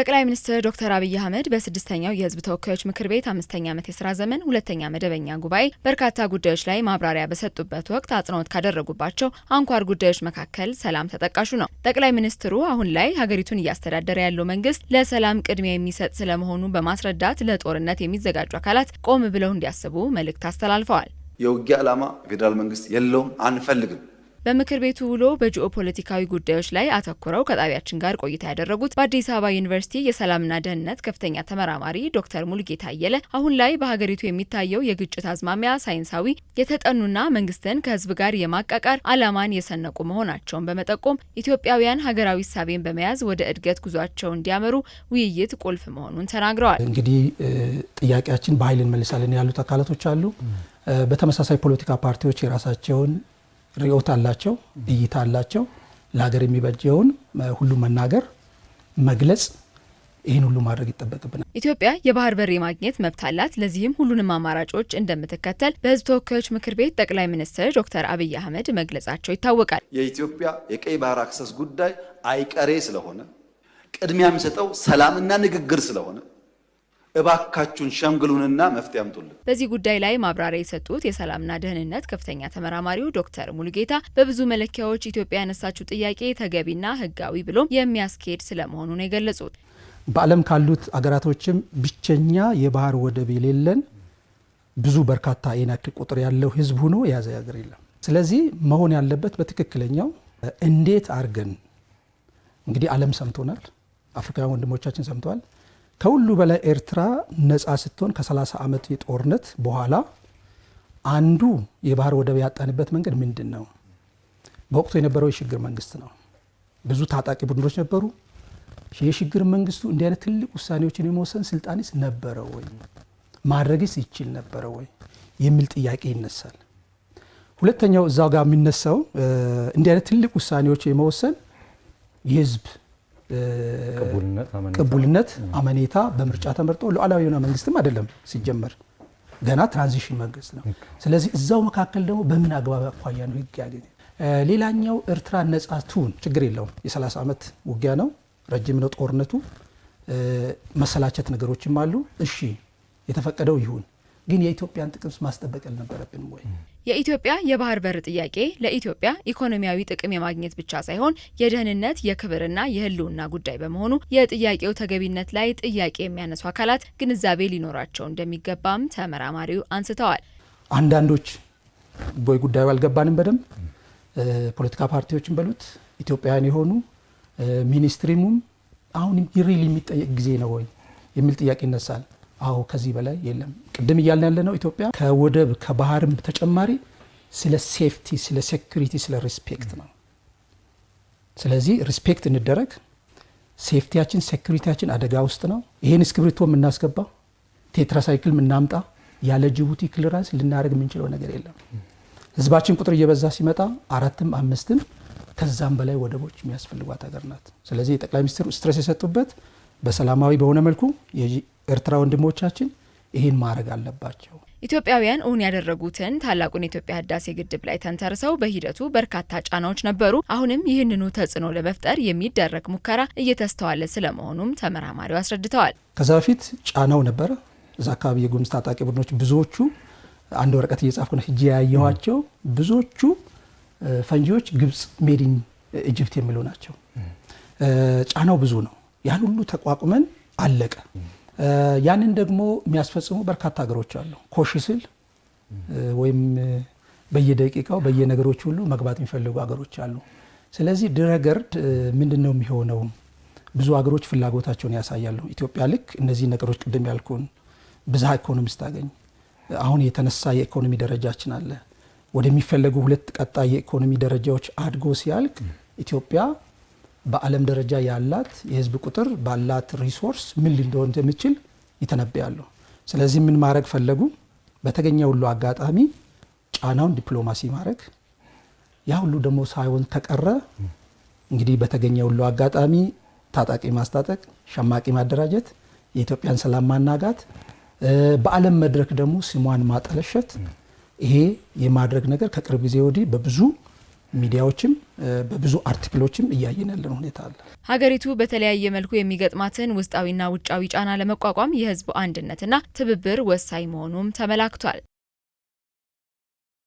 ጠቅላይ ሚኒስትር ዶክተር አብይ አህመድ በስድስተኛው የህዝብ ተወካዮች ምክር ቤት አምስተኛ ዓመት የስራ ዘመን ሁለተኛ መደበኛ ጉባኤ በርካታ ጉዳዮች ላይ ማብራሪያ በሰጡበት ወቅት አጽንኦት ካደረጉባቸው አንኳር ጉዳዮች መካከል ሰላም ተጠቃሹ ነው። ጠቅላይ ሚኒስትሩ አሁን ላይ ሀገሪቱን እያስተዳደረ ያለው መንግስት ለሰላም ቅድሚያ የሚሰጥ ስለመሆኑ በማስረዳት ለጦርነት የሚዘጋጁ አካላት ቆም ብለው እንዲያስቡ መልእክት አስተላልፈዋል። የውጊያ ዓላማ ፌዴራል መንግስት የለውም፣ አንፈልግም በምክር ቤቱ ውሎ በጂኦ ፖለቲካዊ ጉዳዮች ላይ አተኩረው ከጣቢያችን ጋር ቆይታ ያደረጉት በአዲስ አበባ ዩኒቨርሲቲ የሰላምና ደህንነት ከፍተኛ ተመራማሪ ዶክተር ሙልጌታ አየለ አሁን ላይ በሀገሪቱ የሚታየው የግጭት አዝማሚያ ሳይንሳዊ የተጠኑና መንግስትን ከህዝብ ጋር የማቃቃር ዓላማን የሰነቁ መሆናቸውን በመጠቆም ኢትዮጵያውያን ሀገራዊ እሳቤን በመያዝ ወደ እድገት ጉዟቸው እንዲያመሩ ውይይት ቁልፍ መሆኑን ተናግረዋል። እንግዲህ ጥያቄያችን በኃይል እንመልሳለን ያሉት አካላቶች አሉ። በተመሳሳይ ፖለቲካ ፓርቲዎች የራሳቸውን ርዕዮት አላቸው፣ እይታ አላቸው። ለሀገር የሚበጀውን ሁሉ መናገር፣ መግለጽ ይህን ሁሉ ማድረግ ይጠበቅብናል። ኢትዮጵያ የባህር በር የማግኘት መብት አላት። ለዚህም ሁሉንም አማራጮች እንደምትከተል በህዝብ ተወካዮች ምክር ቤት ጠቅላይ ሚኒስትር ዶክተር አብይ አህመድ መግለጻቸው ይታወቃል። የኢትዮጵያ የቀይ ባህር አክሰስ ጉዳይ አይቀሬ ስለሆነ ቅድሚያ የሚሰጠው ሰላምና ንግግር ስለሆነ እባካችሁን ሸምግሉንና መፍትሄ አምጡልን። በዚህ ጉዳይ ላይ ማብራሪያ የሰጡት የሰላምና ደህንነት ከፍተኛ ተመራማሪው ዶክተር ሙሉጌታ በብዙ መለኪያዎች ኢትዮጵያ ያነሳችው ጥያቄ ተገቢና ህጋዊ ብሎም የሚያስኬድ ስለመሆኑ ነው የገለጹት። በዓለም ካሉት አገራቶችም ብቸኛ የባህር ወደብ የሌለን ብዙ በርካታ የናክል ቁጥር ያለው ህዝብ ሆኖ የያዘ ሀገር የለም። ስለዚህ መሆን ያለበት በትክክለኛው እንዴት አድርገን እንግዲህ ዓለም ሰምቶናል፣ አፍሪካውያን ወንድሞቻችን ሰምተዋል። ከሁሉ በላይ ኤርትራ ነፃ ስትሆን ከ30 ዓመት የጦርነት በኋላ አንዱ የባህር ወደብ ያጣንበት መንገድ ምንድን ነው? በወቅቱ የነበረው የሽግግር መንግስት ነው። ብዙ ታጣቂ ቡድኖች ነበሩ። የሽግግር መንግስቱ እንዲህ አይነት ትልቅ ውሳኔዎችን የመወሰን ስልጣንስ ነበረ ወይ? ማድረግስ ይችል ነበረ ወይ የሚል ጥያቄ ይነሳል። ሁለተኛው እዛው ጋር የሚነሳው እንዲህ አይነት ትልቅ ውሳኔዎች የመወሰን የህዝብ ቅቡልነት አመኔታ በምርጫ ተመርጦ ሉዓላዊ የሆነ መንግስትም አይደለም ሲጀመር ገና ትራንዚሽን መንግስት ነው። ስለዚህ እዛው መካከል ደግሞ በምን አግባብ አኳያ ነው ህግ ያገኘ? ሌላኛው ኤርትራ ነጻ ትሁን ችግር የለውም። የ30 ዓመት ውጊያ ነው፣ ረጅም ነው ጦርነቱ፣ መሰላቸት ነገሮችም አሉ። እሺ የተፈቀደው ይሁን ግን የኢትዮጵያን ጥቅምስ ማስጠበቅ አልነበረብንም ወይ? የኢትዮጵያ የባህር በር ጥያቄ ለኢትዮጵያ ኢኮኖሚያዊ ጥቅም የማግኘት ብቻ ሳይሆን የደህንነት የክብርና የህልውና ጉዳይ በመሆኑ የጥያቄው ተገቢነት ላይ ጥያቄ የሚያነሱ አካላት ግንዛቤ ሊኖራቸው እንደሚገባም ተመራማሪው አንስተዋል። አንዳንዶች ወይ ጉዳዩ አልገባንም በደንብ ፖለቲካ ፓርቲዎችን በሉት ኢትዮጵያውያን የሆኑ ሚኒስትሪሙም አሁን ሪል የሚጠየቅ ጊዜ ነው ወይ የሚል ጥያቄ ይነሳል። አዎ ከዚህ በላይ የለም። ቅድም እያልን ያለ ነው ኢትዮጵያ ከወደብ ከባህርም ተጨማሪ ስለ ሴፍቲ፣ ስለ ሴኩሪቲ፣ ስለ ሪስፔክት ነው። ስለዚህ ሪስፔክት እንደረግ። ሴፍቲያችን፣ ሴኩሪቲያችን አደጋ ውስጥ ነው። ይህን እስክብሪቶ የምናስገባ ቴትራሳይክል የምናምጣ ያለ ጅቡቲ ክሊራንስ ልናደርግ የምንችለው ነገር የለም። ህዝባችን ቁጥር እየበዛ ሲመጣ አራትም አምስትም ከዛም በላይ ወደቦች የሚያስፈልጓት ሀገር ናት። ስለዚህ የጠቅላይ ሚኒስትሩ ስትረስ የሰጡበት በሰላማዊ በሆነ መልኩ የኤርትራ ወንድሞቻችን ይህን ማድረግ አለባቸው። ኢትዮጵያውያን እውን ያደረጉትን ታላቁን የኢትዮጵያ ህዳሴ ግድብ ላይ ተንተርሰው በሂደቱ በርካታ ጫናዎች ነበሩ። አሁንም ይህንኑ ተጽዕኖ ለመፍጠር የሚደረግ ሙከራ እየተስተዋለ ስለመሆኑም ተመራማሪው አስረድተዋል። ከዛ በፊት ጫናው ነበረ። እዛ አካባቢ የጉምዝ ታጣቂ ቡድኖች ብዙዎቹ አንድ ወረቀት እየጻፍኩ ነው እጅ ያየኋቸው ብዙዎቹ ፈንጂዎች ግብፅ ሜዲን ኢጅፕት የሚሉ ናቸው። ጫናው ብዙ ነው። ያን ሁሉ ተቋቁመን አለቀ። ያንን ደግሞ የሚያስፈጽሙ በርካታ ሀገሮች አሉ። ኮሽ ስል ወይም በየደቂቃው በየነገሮች ሁሉ መግባት የሚፈልጉ ሀገሮች አሉ። ስለዚህ ድረገርድ ምንድን ነው የሚሆነው? ብዙ ሀገሮች ፍላጎታቸውን ያሳያሉ። ኢትዮጵያ ልክ እነዚህ ነገሮች ቅድም ያልኩን ብዝሃ ኢኮኖሚ ስታገኝ አሁን የተነሳ የኢኮኖሚ ደረጃችን አለ ወደሚፈለጉ ሁለት ቀጣይ የኢኮኖሚ ደረጃዎች አድጎ ሲያልቅ ኢትዮጵያ በዓለም ደረጃ ያላት የህዝብ ቁጥር ባላት ሪሶርስ ምን ሊሆን እንደሚችል ይተነብያሉ። ስለዚህ ምን ማድረግ ፈለጉ? በተገኘ ሁሉ አጋጣሚ ጫናውን ዲፕሎማሲ ማድረግ፣ ያ ሁሉ ደግሞ ሳይሆን ተቀረ እንግዲህ በተገኘ ሁሉ አጋጣሚ ታጣቂ ማስታጠቅ፣ ሸማቂ ማደራጀት፣ የኢትዮጵያን ሰላም ማናጋት፣ በዓለም መድረክ ደግሞ ስሟን ማጠለሸት፣ ይሄ የማድረግ ነገር ከቅርብ ጊዜ ወዲህ በብዙ ሚዲያዎችም በብዙ አርቲክሎችም እያየን ያለን ሁኔታ አለ። ሀገሪቱ በተለያየ መልኩ የሚገጥማትን ውስጣዊና ውጫዊ ጫና ለመቋቋም የሕዝብ አንድነትና ትብብር ወሳኝ መሆኑም ተመላክቷል።